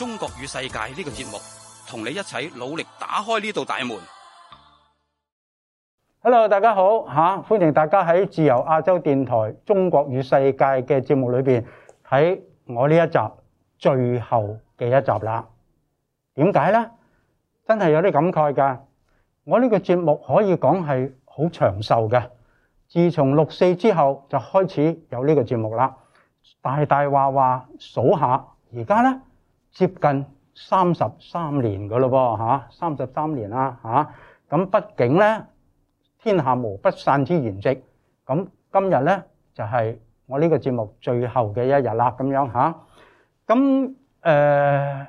中國與世界呢個節目，同你一齊努力打開呢道大門。Hello，大家好吓，歡迎大家喺自由亞洲電台《中國與世界》嘅節目裏邊，睇我呢一集最後嘅一集啦。點解呢？真係有啲感慨噶。我呢個節目可以講係好長壽噶，自從六四之後就開始有呢個節目啦。大大話話數下，而家呢。接近三十三年㗎咯喎，嚇三十三年啦，嚇咁。畢竟咧，天下無不散之筵席。咁今日咧就係我呢個節目最後嘅一日啦，咁樣嚇。咁誒呢？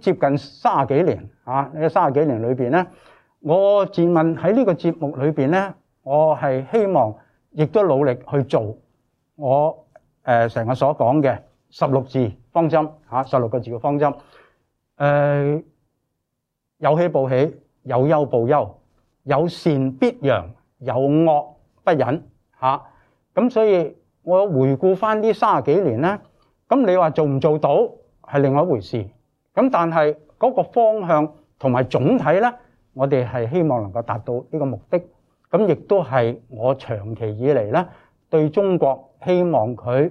接近三十幾年嚇，呢三十幾年裏邊咧，我自問喺呢個節目裏邊咧，我係希望亦都努力去做我成日所講嘅。十六字方針嚇，十六個字嘅方針，誒有喜報喜，有憂報憂，有善必揚，有惡不隱嚇。咁所以，我回顧翻呢卅幾年咧，咁你話做唔做到係另外一回事。咁但係嗰個方向同埋總體咧，我哋係希望能夠達到呢個目的。咁亦都係我長期以嚟咧，對中國希望佢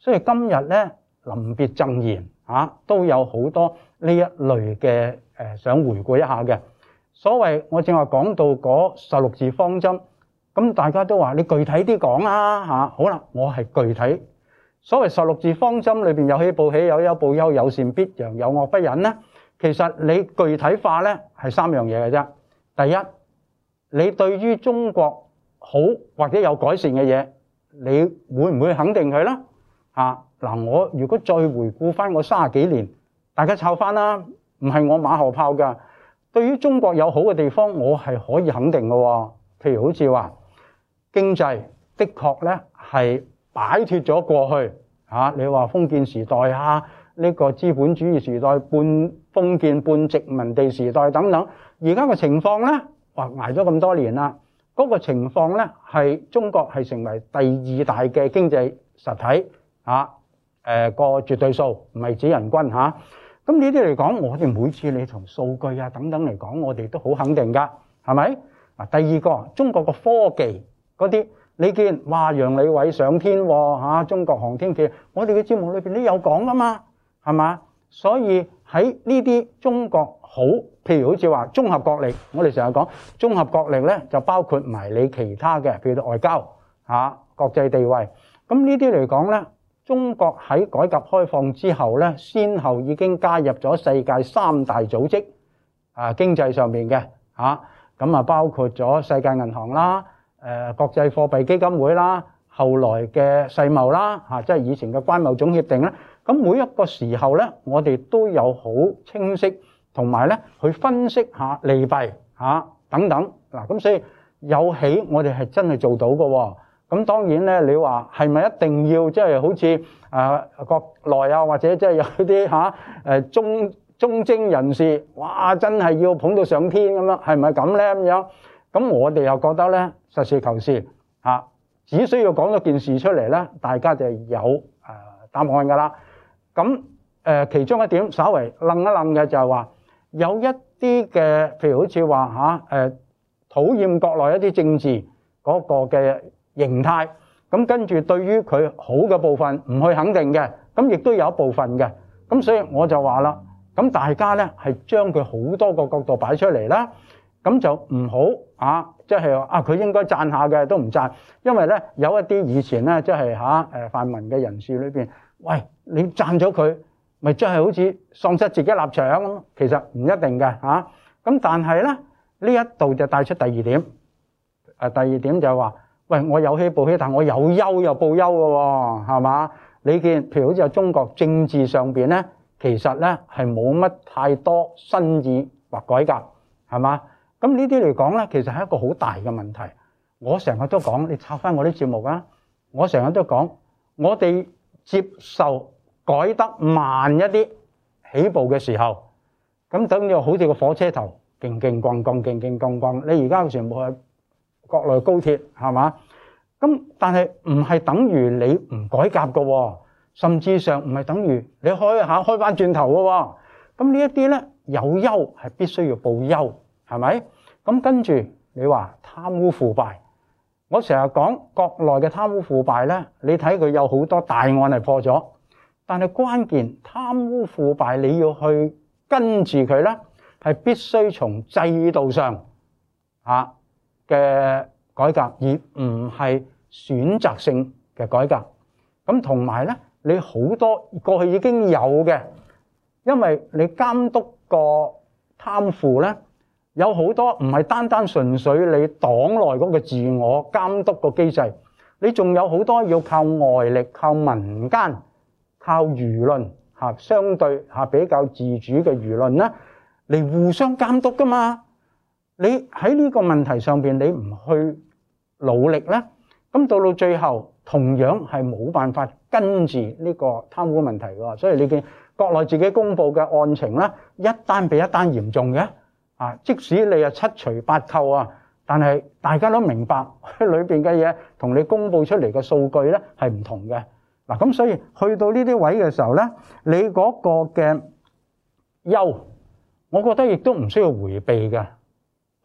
所以今日咧，臨別贈言嚇，都有好多呢一類嘅，誒想回顧一下嘅。所謂我正話講到嗰十六字方針，咁大家都話你具體啲講啦嚇。好啦，我係具體。所謂十六字方針裏邊有喜報喜，有憂報憂，有善必揚，有惡不隱咧。其實你具體化咧係三樣嘢嘅啫。第一，你對於中國好或者有改善嘅嘢，你會唔會肯定佢咧？啊！嗱，我如果再回顧翻我三十幾年，大家湊翻啦，唔係我馬後炮㗎。對於中國有好嘅地方，我係可以肯定嘅喎。譬如好似話經濟，的確咧係擺脫咗過去嚇、啊。你話封建時代啊，呢個資本主義時代、半封建半殖民地時代等等，而家個情況呢，哇，挨咗咁多年啦，嗰個情況呢，係中國係成為第二大嘅經濟實體。嚇誒個絕對數唔係指人均嚇，咁呢啲嚟講，我哋每次你從數據啊等等嚟講，我哋都好肯定㗎，係咪？啊，第二個中國個科技嗰啲，你見哇，楊利偉上天喎嚇，中國航天器，我哋嘅節目裏邊都有講㗎嘛，係嘛？所以喺呢啲中國好，譬如好似話綜合國力，我哋成日講綜合國力咧，就包括埋你其他嘅，譬如到外交嚇、國際地位，咁呢啲嚟講咧。中國喺改革開放之後咧，先後已經加入咗世界三大組織，啊，經濟上面嘅嚇，咁啊包括咗世界銀行啦、誒國際貨幣基金會啦、後來嘅世貿啦，嚇，即係以前嘅關貿總協定咧。咁每一個時候咧，我哋都有好清晰，同埋咧去分析下利弊嚇等等。嗱，咁所以有起，我哋係真係做到嘅喎。咁當然咧，你話係咪一定要即係好似誒國內啊，或者即係有啲嚇誒忠忠貞人士，哇！真係要捧到上天咁樣，係咪咁咧咁樣？咁我哋又覺得咧，實事求是嚇，只需要講咗件事出嚟咧，大家就有誒答案噶啦。咁誒其中一點稍微愣一愣嘅就係話，有一啲嘅譬如好似話嚇誒討厭國內一啲政治嗰個嘅形態咁跟住，對於佢好嘅部分唔去肯定嘅，咁亦都有一部分嘅。咁所以我就話啦，咁大家呢係將佢好多個角度擺出嚟啦。咁就唔好啊，即、就、係、是、啊，佢應該讚下嘅都唔讚，因為呢有一啲以前呢、就是，即係嚇誒泛民嘅人士裏邊喂，你讚咗佢，咪即係好似喪失自己立場。其實唔一定嘅嚇。咁、啊、但係呢，呢一度就帶出第二點，啊、第二點就係話。喂，我有喜報喜，但我有憂又報憂嘅喎，係嘛？你見譬如好似喺中國政治上邊咧，其實咧係冇乜太多新意或改革，係嘛？咁呢啲嚟講咧，其實係一個好大嘅問題。我成日都講，你抄翻我啲節目啊！我成日都講，我哋接受改得慢一啲起步嘅時候，咁等你好似個火車頭，勁勁咣咣，勁勁咣咣，你而家全部係，國內高鐵係嘛？咁但係唔係等於你唔改革嘅喎，甚至上唔係等於你開下開翻轉頭嘅喎。咁呢一啲呢，有憂係必須要報憂，係咪？咁跟住你話貪污腐敗，我成日講國內嘅貪污腐敗呢，你睇佢有好多大案係破咗，但係關鍵貪污腐敗你要去跟住佢呢，係必須從制度上嘅改革，而唔係選擇性嘅改革。咁同埋咧，你好多過去已經有嘅，因為你監督個貪腐咧，有好多唔係單單純粹你黨內嗰個自我監督個機制，你仲有好多要靠外力、靠民間、靠輿論嚇，相對嚇比較自主嘅輿論咧，嚟互相監督噶嘛。你喺呢個問題上邊，你唔去努力呢，咁到到最後同樣係冇辦法跟住呢個貪污問題喎。所以你見國內自己公布嘅案情呢，一單比一單嚴重嘅。即使你啊七除八扣啊，但係大家都明白裏邊嘅嘢同你公布出嚟嘅數據呢係唔同嘅。嗱，咁所以去到呢啲位嘅時候呢，你嗰個嘅憂，我覺得亦都唔需要迴避嘅。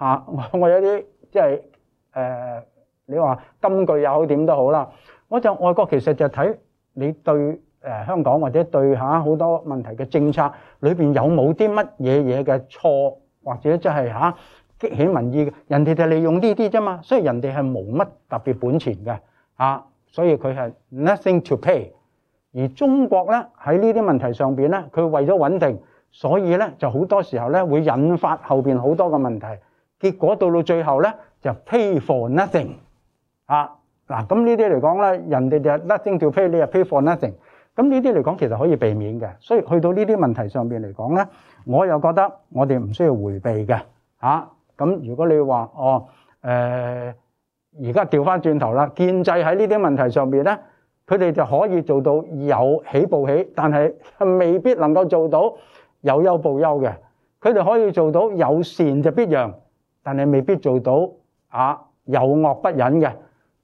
嚇！ 我有啲即係誒，你話金句又好點都好啦。我就外國其實就睇你對誒香港或者對吓好多問題嘅政策裏邊有冇啲乜嘢嘢嘅錯，或者即係吓激起民意嘅人哋就利用呢啲啫嘛。所以人哋係冇乜特別本錢嘅吓、啊，所以佢係 nothing to pay。而中國咧喺呢啲問題上邊咧，佢為咗穩定，所以咧就好多時候咧會引發後邊好多嘅問題。結果到到最後咧，就 pay for nothing 啊！嗱，咁呢啲嚟講咧，人哋就 nothing to pay，你就 pay for nothing。咁呢啲嚟講，其實可以避免嘅。所以去到呢啲問題上面嚟講咧，我又覺得我哋唔需要回避嘅嚇。咁、啊、如果你話哦誒，而家調翻轉頭啦，建制喺呢啲問題上面咧，佢哋就可以做到有喜報喜，但係未必能夠做到有憂報憂嘅。佢哋可以做到有善就必揚。但係未必做到啊！有惡不忍嘅。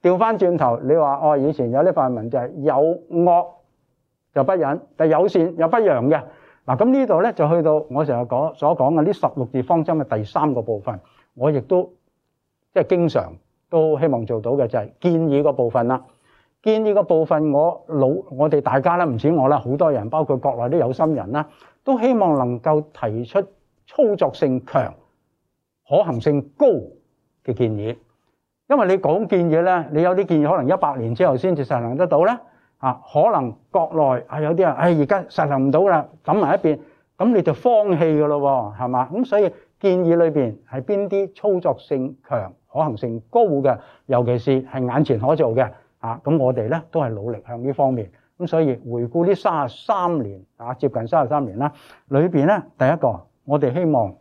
調翻轉頭，你話哦，以前有呢份文就係有惡就不忍，但係有善又不揚嘅。嗱、啊，咁呢度咧就去到我成日講所講嘅呢十六字方針嘅第三個部分，我亦都即係、就是、經常都希望做到嘅就係、是、建議個部分啦。建議個部分，我老我哋大家咧唔止我啦，好多人，包括國內啲有心人啦，都希望能夠提出操作性強。可行性高嘅建議，因為你講建議呢，你有啲建議可能一百年之後先至實行得到呢啊，可能國內啊有啲人，唉而家實行唔到啦，抌埋一邊，咁你就放棄㗎喇喎，係嘛？咁所以建議裏面係邊啲操作性強、可行性高嘅，尤其是係眼前可做嘅，啊，咁我哋呢都係努力向呢方面。咁所以回顧呢三十三年啊，接近三十三年啦，裏面呢，第一個，我哋希望。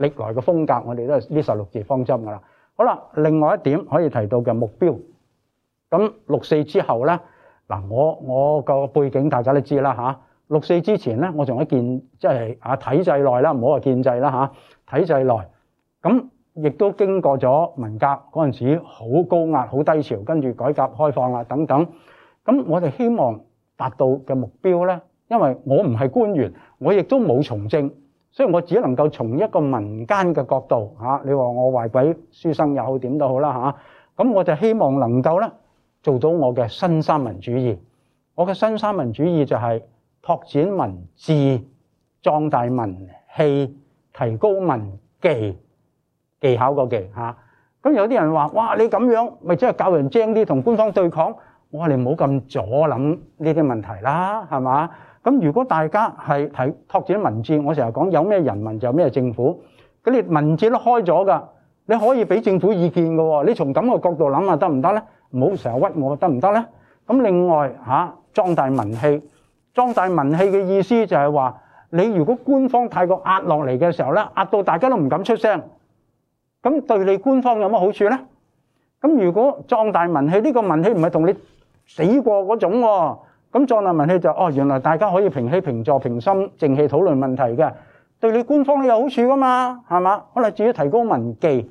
歷來嘅風格，我哋都係呢十六字方針㗎啦。好啦，另外一點可以提到嘅目標。咁六四之後呢，嗱我我個背景大家都知啦嚇。六四之前呢，我仲喺建，即係啊體制內啦，唔好話建制啦嚇，體制內。咁亦都經過咗文革嗰陣時，好高壓、好低潮，跟住改革開放啦等等。咁我哋希望達到嘅目標呢，因為我唔係官員，我亦都冇從政。所以我只能夠從一個民間嘅角度嚇，你話我壞鬼書生又好點都好啦嚇，咁我就希望能夠咧做到我嘅新三民主義。我嘅新三民主義就係拓展民智、壯大民氣、提高民技技巧個技嚇。咁有啲人話：哇！你咁樣咪即係教人精啲，同官方對抗。我話你唔好咁阻諗呢啲問題啦，係嘛？咁如果大家係睇拓展民主，我成日講有咩人民就有咩政府，咁你民主都開咗噶，你可以俾政府意見嘅喎，你從咁嘅角度諗下得唔得咧？唔好成日屈我得唔得咧？咁另外嚇，壯大民氣，壯大民氣嘅意思就係話，你如果官方太過壓落嚟嘅時候咧，壓到大家都唔敢出聲，咁對你官方有乜好處咧？咁如果壯大民氣呢個民氣唔係同你死過嗰種喎。咁壯大民氣就是、哦，原來大家可以平起平坐平心靜氣討論問題嘅，對你官方都有好處㗎嘛，係嘛？可能至於提高民記，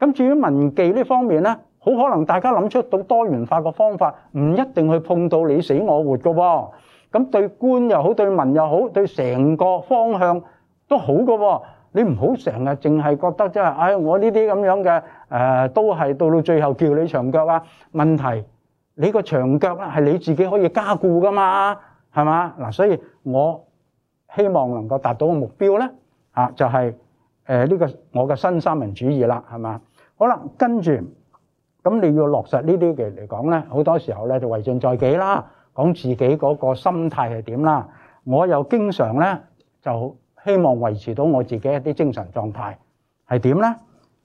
咁至於民記呢方面咧，好可能大家諗出到多元化嘅方法，唔一定去碰到你死我活㗎喎。咁對官又好，對民又好，對成個方向都好㗎喎。你唔好成日淨係覺得即係，唉、哎，我呢啲咁樣嘅誒、呃，都係到到最後叫你長腳啊問題。你個牆腳咧係你自己可以加固噶嘛，係嘛？嗱，所以我希望能夠達到個目標咧，啊，就係誒呢個我嘅新三民主義啦，係嘛？好啦，跟住咁你要落實呢啲嘅嚟講咧，好多時候咧就為政在己啦，講自己嗰個心態係點啦。我又經常咧就希望維持到我自己一啲精神狀態係點咧？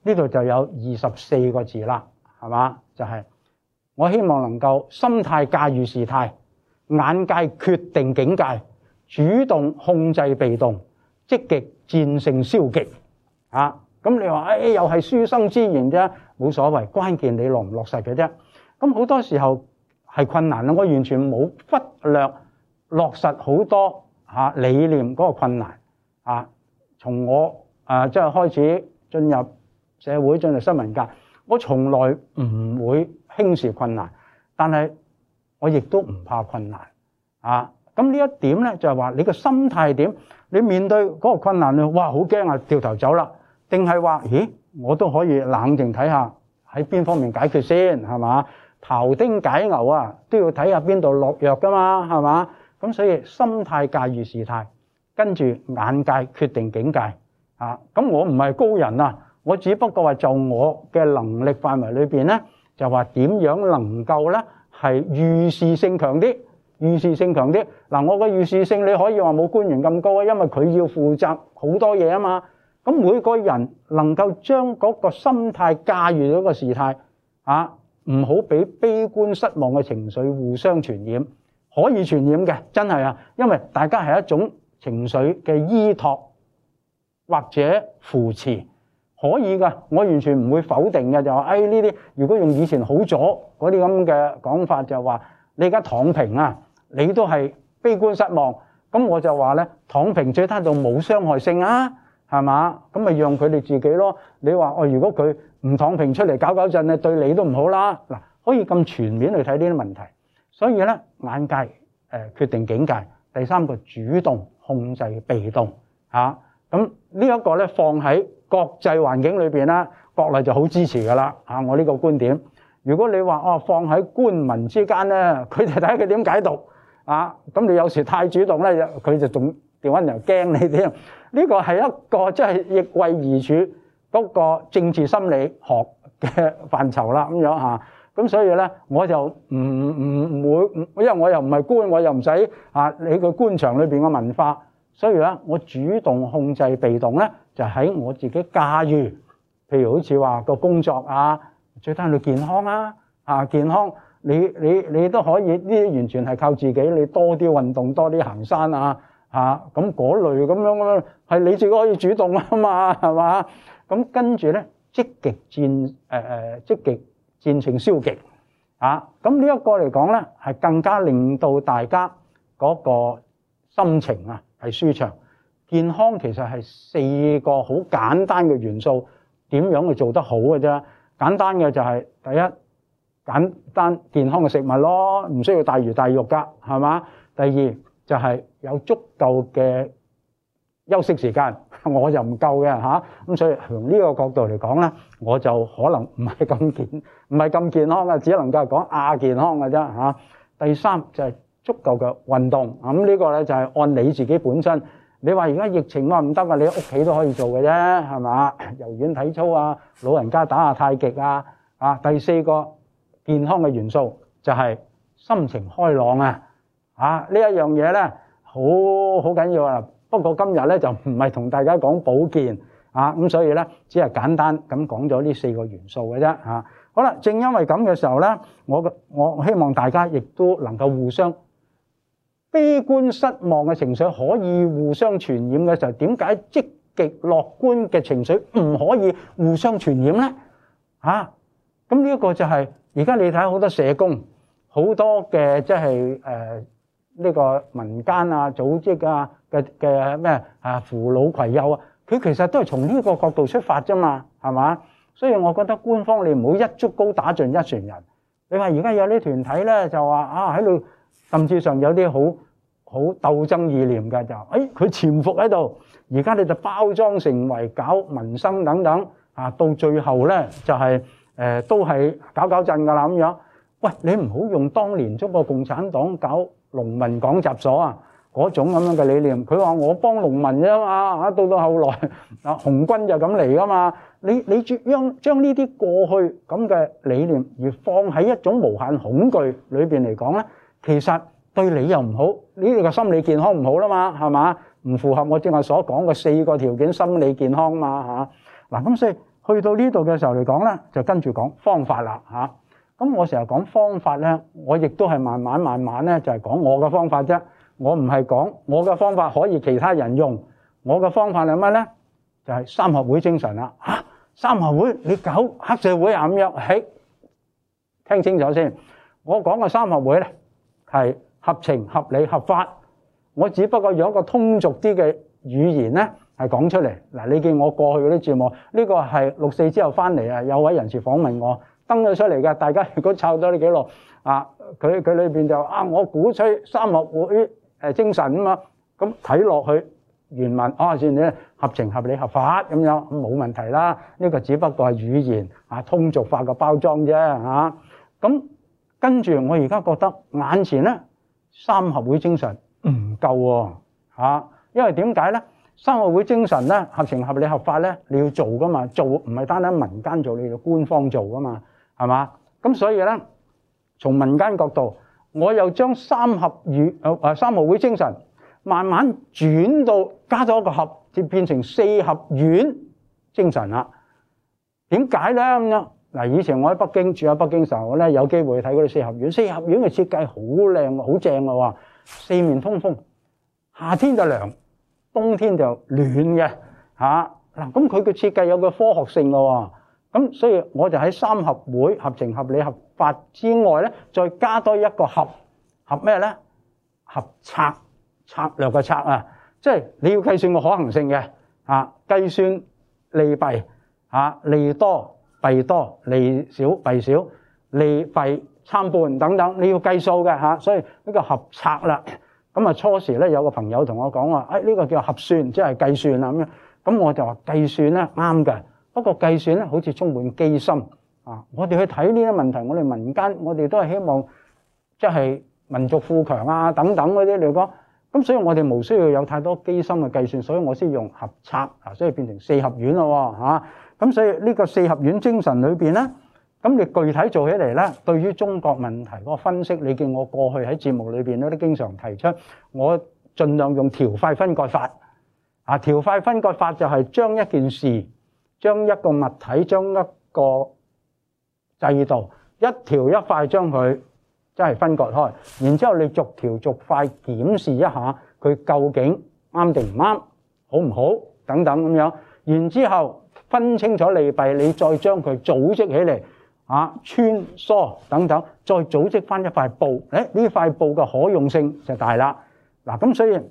呢度就有二十四個字啦，係嘛？就係，我希望能夠心態駕馭時態，眼界決定境界，主動控制被動，積極戰勝消極。啊，咁你話誒、哎，又係書生之言啫，冇所謂。關鍵你落唔落實嘅啫。咁好多時候係困難啊！我完全冇忽略落實好多嚇理念嗰個困難。啊，從我啊即係開始進入社會，進入新聞界，我從來唔會。輕視困難，但係我亦都唔怕困難啊！咁呢一點呢，就係話你個心態點？你面對嗰個困難，你哇好驚啊，掉頭走啦？定係話？咦，我都可以冷靜睇下，喺邊方面解決先係嘛？庖丁解牛啊，都要睇下邊度落藥噶嘛係嘛？咁所以心態駕馭事態，跟住眼界決定境界啊！咁我唔係高人啊，我只不過話就我嘅能力範圍裏面呢。就話點樣能夠呢？係預示性強啲，預示性強啲。嗱，我嘅預示性你可以話冇官員咁高啊，因為佢要負責好多嘢啊嘛。咁每個人能夠將嗰個心態駕馭到嗰個事態啊，唔好俾悲觀失望嘅情緒互相傳染，可以傳染嘅真係啊，因為大家係一種情緒嘅依托，或者扶持。可以噶，我完全唔會否定嘅，就話誒呢啲。如果用以前好左嗰啲咁嘅講法就，就話你而家躺平啊，你都係悲觀失望。咁我就話咧，躺平最低都冇傷害性啊，係嘛？咁咪讓佢哋自己咯。你話哦，如果佢唔躺平出嚟搞搞震，咧對你都唔好啦。嗱，可以咁全面去睇呢啲問題。所以咧，眼界誒，決定境界。第三個主動控制，被動、啊咁呢一個咧放喺國際環境裏面啦，國內就好支持噶啦。我呢個觀點。如果你話哦、啊、放喺官民之間咧，佢哋睇佢點解讀啊。咁你有時太主動咧，佢就仲掉翻人。驚你添。呢個係一個即係、就是、逆位而處嗰、那個政治心理學嘅範疇啦，咁樣吓，咁所以咧，我就唔唔唔會，因為我又唔係官，我又唔使啊。你個官場裏面嘅文化。所以咧，我主動控制，被動咧就喺我自己駕馭。譬如好似話個工作啊，最緊要你健康啦嚇，健康你你你都可以呢啲完全係靠自己。你多啲運動，多啲行山啊嚇，咁嗰類咁樣咧係你自己可以主動啊嘛，係嘛？咁跟住咧積極戰誒誒積極戰勝消極啊！咁呢一個嚟講咧係更加令到大家嗰個心情啊～係舒暢，健康其實係四個好簡單嘅元素，點樣去做得好嘅啫？簡單嘅就係第一，簡單健康嘅食物咯，唔需要大魚大肉噶，係嘛？第二就係、是、有足夠嘅休息時間，我就唔夠嘅嚇，咁所以從呢個角度嚟講咧，我就可能唔係咁健，唔係咁健康嘅，只能夠講亞、啊、健康嘅啫嚇。第三就係、是。足夠嘅運動啊！咁呢個咧就係按你自己本身。你話而家疫情話唔得啊，你屋企都可以做嘅啫，係嘛？柔軟體操啊，老人家打下太極啊。啊，第四個健康嘅元素就係心情開朗啊！啊，呢一樣嘢咧好好緊要啊。不過今日咧就唔係同大家講保健啊，咁所以咧只係簡單咁講咗呢四個元素嘅啫。嚇，好啦，正因為咁嘅時候咧，我我希望大家亦都能夠互相。悲觀失望嘅情緒可以互相傳染嘅時候，點解積極樂觀嘅情緒唔可以互相傳染呢？嚇、啊！咁呢個就係而家你睇好多社工，好多嘅即係誒呢個民間啊組織啊嘅嘅咩啊扶老攜幼啊，佢其實都係從呢個角度出發啫嘛，係嘛？所以我覺得官方你唔好一竹篙打盡一船人。你話而家有啲團體呢，就話啊喺度。在裏甚至上有啲好好鬥爭意念嘅、就是，就、哎、佢潛伏喺度，而家你就包裝成為搞民生等等啊，到最後呢就係、是呃、都係搞搞震噶啦咁樣。喂，你唔好用當年中國共產黨搞農民講習所啊嗰種咁樣嘅理念。佢話我幫農民啫嘛、啊，到到後來啊紅軍就咁嚟噶嘛。你你樣將將呢啲過去咁嘅理念而放喺一種無限恐懼裏面嚟講呢。其實對你又唔好，呢個心理健康唔好啦嘛，係嘛？唔符合我正話所講嘅四個條件，心理健康嘛吓。嗱，咁所以去到呢度嘅時候嚟講咧，就跟住講方法啦吓。咁我成日講方法咧，我亦都係慢慢慢慢咧，就係講我嘅方法啫。我唔係講我嘅方法可以其他人用。我嘅方法係乜咧？就係三合會精神啦嚇、啊。三合會你搞黑社會啊咁樣？係聽清楚先。我講嘅三合會咧。係合情合理合法，我只不過用一個通俗啲嘅語言咧，係講出嚟。嗱，你見我過去嗰啲節目，呢、這個係六四之後翻嚟啊，有位人士訪問我登咗出嚟㗎。大家如果抄咗你幾路啊，佢佢裏面就啊，我鼓吹三民主義精神啊嘛。咁睇落去原文啊，算你合情合理合法咁樣冇問題啦。呢、這個只不過係語言啊通俗化嘅包裝啫吓咁。啊跟住我而家覺得眼前咧三合會精神唔夠喎，因為點解咧？三合會精神咧，合情合理合法咧，你要做噶嘛？做唔係單單民間做，你要官方做噶嘛？係嘛？咁所以咧，從民間角度，我又將三合三合會精神慢慢轉到加咗一個合，就變成四合院精神啦。點解咧咁樣？嗱，以前我喺北京住喺北京時候，我咧有機會睇嗰啲四合院。四合院嘅設計好靚，好正嘅，四面通風，夏天就涼，冬天就暖嘅嚇。嗱，咁佢嘅設計有個科學性嘅。咁所以我就喺三合會、合情合理合法之外咧，再加多一個合，合咩咧？合策，策略嘅策啊，即係你要計算個可行性嘅嚇，計算利弊，利多。弊多利少，弊少利弊、參半等等，你要計數嘅嚇，所以呢個合策啦，咁啊初時咧有個朋友同我講話，誒、哎、呢、這個叫合算，即係計算啦咁樣，咁我就話計算咧啱嘅，不過計算咧好似充滿機心啊！我哋去睇呢啲問題，我哋民間我哋都係希望即係民族富強啊等等嗰啲嚟講。咁所以我哋冇需要有太多機心嘅計算，所以我先用合輯啊，所以變成四合院咯。吓，咁所以呢個四合院精神裏邊咧，咁你具體做起嚟咧，對於中國問題個分析，你見我過去喺節目裏邊咧都經常提出，我盡量用條塊分割法啊，條塊分割法就係將一件事，將一個物體，將一個制度一條一塊將佢。真係分割開，然之後你逐條逐塊檢視一下，佢究竟啱定唔啱，好唔好等等咁樣。然之後分清楚利弊，你再將佢組織起嚟啊，穿梭等等，再組織翻一塊布。誒，呢塊布嘅可用性就大啦。嗱，咁雖然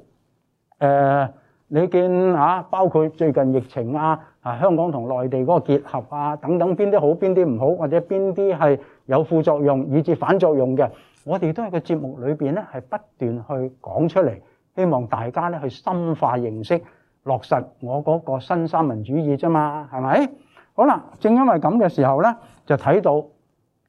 誒，你見啊，包括最近疫情啊，啊香港同內地嗰個結合啊，等等邊啲好，邊啲唔好，或者邊啲係，有副作用以至反作用嘅，我哋都喺個節目裏邊呢係不斷去講出嚟，希望大家呢去深化認識，落實我嗰個新三民主義啫嘛，係咪？好啦，正因為咁嘅時候呢，就睇到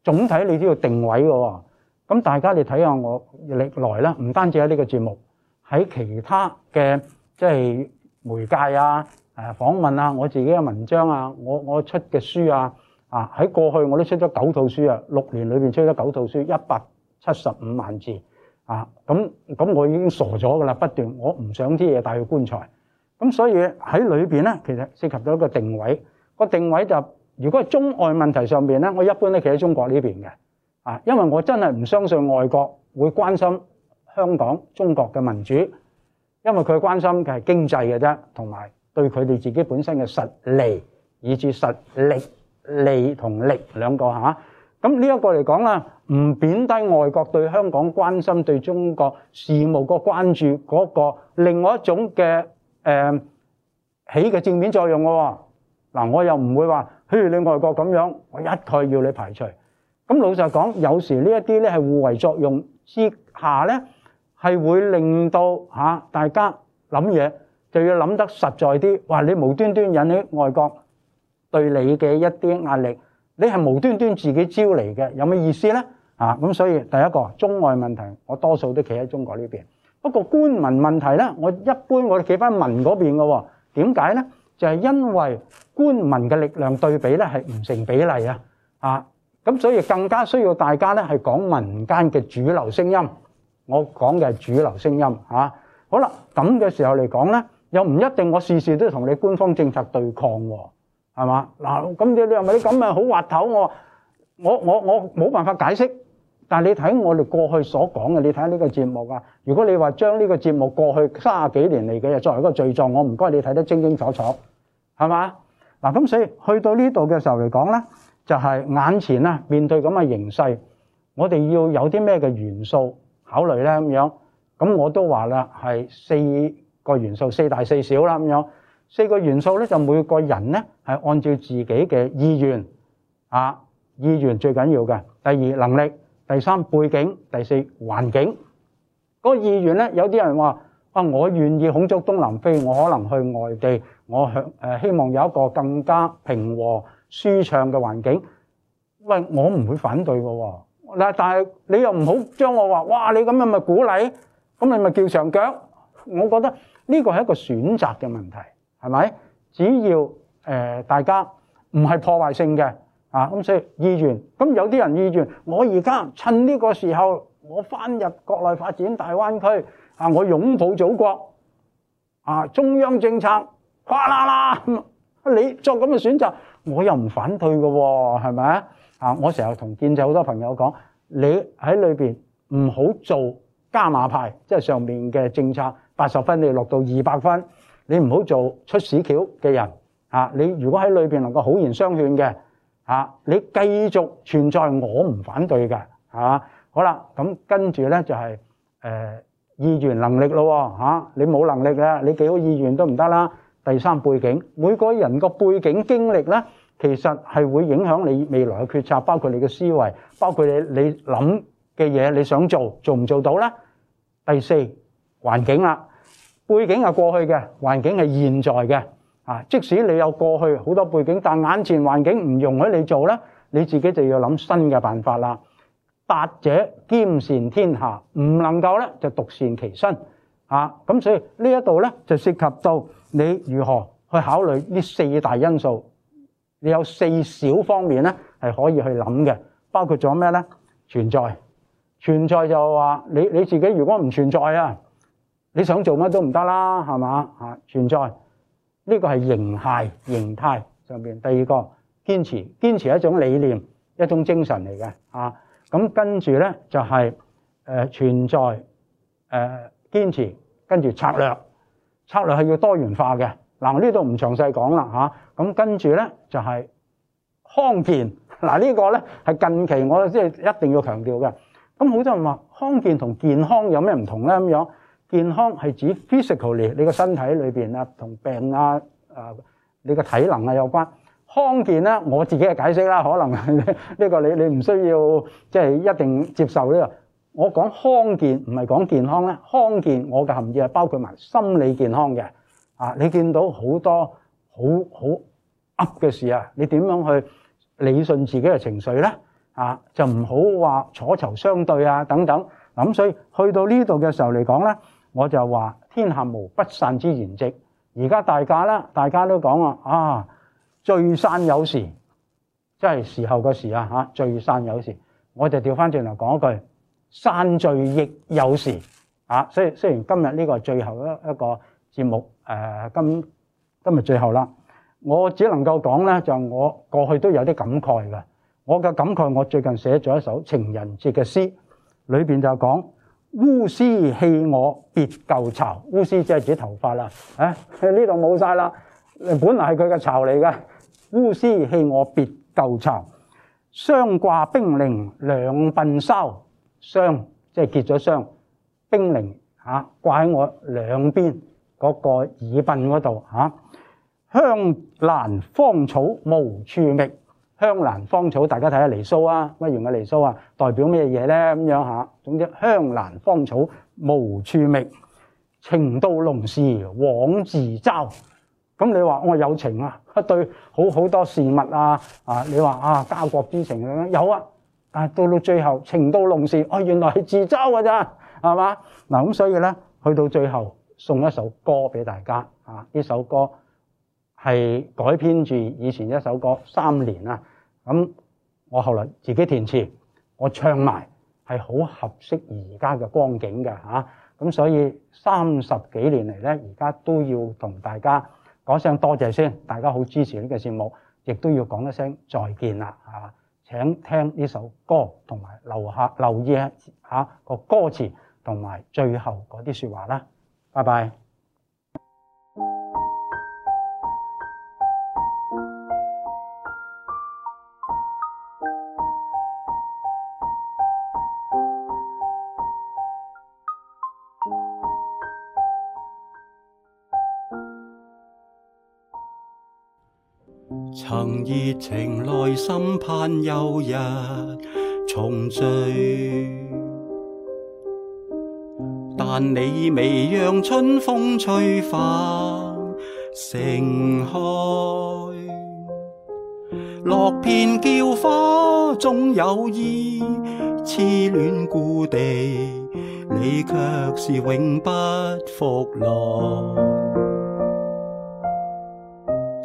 總體你都要定位㗎喎。咁大家你睇下我歷來啦，唔單止喺呢個節目，喺其他嘅即係媒介啊、誒訪問啊、我自己嘅文章啊、我我出嘅書啊。啊！喺過去我都出咗九套書啊，六年裏面出咗九套書，一百七十五萬字啊。咁咁，我已經傻咗㗎啦。不斷我唔想啲嘢帶去棺材。咁所以喺裏面呢，其實涉及到一個定位。個定位就如果係中外問題上面呢，我一般都企喺中國呢邊嘅啊，因為我真係唔相信外國會關心香港、中國嘅民主，因為佢關心嘅係經濟嘅啫，同埋對佢哋自己本身嘅實力以至實力。利同力兩個嚇，咁呢一個嚟講啦，唔貶低外國對香港關心、對中國事務個關注嗰個另外一種嘅誒起嘅正面作用喎。嗱，我又唔會話，譬如你外國咁樣，我一概要你排除。咁老實講，有時呢一啲咧係互為作用之下咧，係會令到嚇大家諗嘢就要諗得實在啲。話你無端端引起外國。對你嘅一啲壓力，你係無端端自己招嚟嘅，有咩意思呢？啊，咁所以第一個中外問題，我多數都企喺中國呢邊。不過官民問題呢，我一般我哋企翻民嗰邊嘅喎。點解呢？就係因為官民嘅力量對比呢係唔成比例啊！啊，咁所以更加需要大家呢係講民間嘅主流聲音。我講嘅係主流聲音啊，好啦，咁嘅時候嚟講呢，又唔一定我事事都同你官方政策對抗喎。係嘛？嗱，咁你你又咪啲咁咪好滑頭？我我我我冇辦法解釋。但係你睇我哋過去所講嘅，你睇呢個節目啊。如果你話將呢個節目過去三十幾年嚟嘅作為一個罪狀，我唔該你睇得清清楚楚，係嘛？嗱，咁所以去到呢度嘅時候嚟講咧，就係眼前啦，面對咁嘅形勢，我哋要有啲咩嘅元素考慮咧咁樣。咁我都話啦，係四個元素，四大四小啦咁樣。四個元素咧，就每個人咧係按照自己嘅意願啊，意願最緊要嘅。第二能力，第三背景，第四環境。嗰個意願咧，有啲人話啊，我願意孔雀東南飛，我可能去外地，我想誒希望有一個更加平和舒暢嘅環境。喂，我唔會反對㗎喎。嗱，但係你又唔好將我話哇，你咁樣咪鼓勵，咁你咪叫長腳。我覺得呢個係一個選擇嘅問題。係咪？只要誒大家唔係破壞性嘅啊，咁所以意願。咁有啲人意願，我而家趁呢個時候，我翻入國內發展大灣區啊，我擁抱祖國啊，中央政策，哇啦啦！你作咁嘅選擇，我又唔反對嘅喎，係咪啊？啊，我成日同建制好多朋友講，你喺裏面唔好做加碼派，即係上面嘅政策八十分，你落到二百分。你唔好做出屎橋嘅人啊！你如果喺裏邊能夠好言相勸嘅啊，你繼續存在我唔反對嘅啊。好啦，咁跟住咧就係誒意願能力咯吓，你冇能力啦，你幾好意願都唔得啦。第三背景，每個人個背景經歷咧，其實係會影響你未來嘅決策，包括你嘅思維，包括你你諗嘅嘢，你想做做唔做到呢。第四環境啦。背景係過去嘅，環境係現在嘅，啊！即使你有過去好多背景，但眼前環境唔容許你做咧，你自己就要諗新嘅辦法啦。達者兼善天下，唔能夠呢就獨善其身，啊！咁所以呢一度呢就涉及到你如何去考慮呢四大因素，你有四小方面呢係可以去諗嘅，包括咗咩呢？存在，存在就話你你自己如果唔存在啊。你想做乜都唔得啦，係嘛？嚇，存在呢個係形態、形態上邊第二個堅持，堅持一種理念、一種精神嚟嘅。咁、啊、跟住呢、就是，就係誒存在，誒、呃、堅持，跟住策略，策略係要多元化嘅。嗱、啊，呢度唔詳細講啦，咁、啊、跟住呢，就係康健。嗱，呢個呢，係近期我即係一定要強調嘅。咁好多人話康健同健康有咩唔同呢？咁樣。健康係指 physically 你個身體裏面啊，同病啊，呃、你個體能啊有關。康健咧，我自己嘅解釋啦，可能呢、這個你你唔需要即係一定接受呢、這個。我講康健唔係講健康咧，康健我嘅含義係包括埋心理健康嘅。啊，你見到好多好好噏嘅事啊，你點樣去理順自己嘅情緒咧？啊，就唔好話楚囚相對啊等等。咁所以去到呢度嘅時候嚟講咧。我就話天下無不散之筵席，而家大家啦，大家都講啊啊聚散有時，即係時候個時啊吓聚散有時，我就調翻轉頭講一句，散聚亦有時啊。雖雖然今日呢個係最後一一個節目，啊、今今日最後啦，我只能夠講呢，就我過去都有啲感慨嘅，我嘅感慨，我最近寫咗一首情人節嘅詩，裏面就講。烏絲棄我別舊巢，烏絲即係指頭髮啦，啊，呢度冇晒啦，本來係佢嘅巢嚟嘅。烏絲棄我別舊巢，霜掛冰凌兩鬢梢，霜即係結咗霜冰凌，吓，掛喺我兩邊嗰個耳鬢嗰度，吓、啊、香蘭芳草無處覓。香蘭芳草，大家睇下離騷啊，屈原嘅離騷啊，代表咩嘢咧？咁樣吓，總之香蘭芳草無處覓，情到濃時枉自嘲。咁你話我有情啊？對好好多事物啊！你啊，你話啊，家國之情有啊，但係到到最後情到濃時，哦，原來係自嘲㗎咋，係嘛？嗱，咁所以咧，去到最後送一首歌俾大家，呢首歌係改編住以前一首歌，三年啊。咁我後來自己填詞，我唱埋係好合適而家嘅光景嘅嚇。咁所以三十幾年嚟呢，而家都要同大家講聲多謝先，大家好支持呢個節目，亦都要講一聲再見啦嚇。請聽呢首歌同埋留下留意一下個歌詞同埋最後嗰啲說話啦。拜拜。熱情內心盼有日重聚，但你未讓春風吹花盛開，落片嬌花總有意痴戀故地，你卻是永不復來。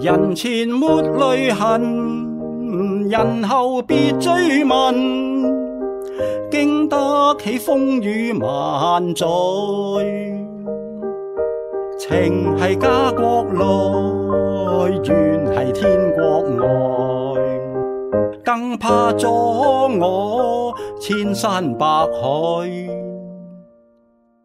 人前抹淚痕，人後別追問，經得起風雨萬載。情繫家國內，願繫天國外，更怕阻我千山百海。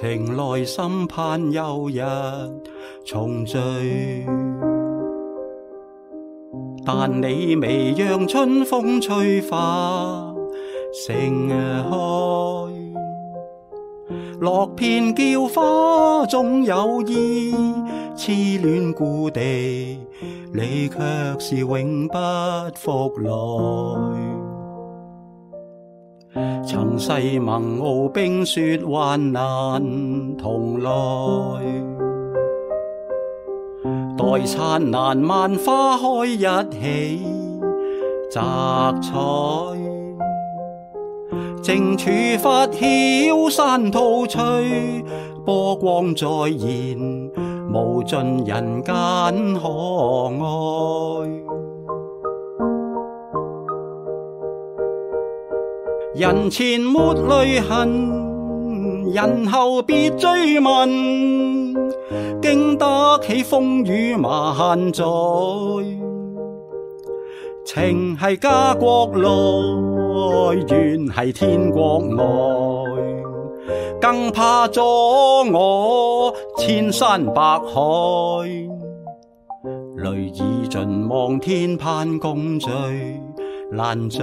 情內心盼有日重聚，但你未讓春風吹花盛、啊、開，落片嬌花總有意痴戀故地，你卻是永不復來。曾誓盟傲冰雪，患難同來，待燦爛萬花開一起摘採。正處拂曉山吐翠，波光再現無盡人間可愛。人前抹淚痕，人後別追問，經得起風雨萬載。情繫家國內，願繫天國外，更怕阻我千山百海。淚已盡，望天攀共聚，難聚。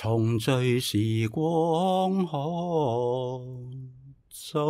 重聚時光可再？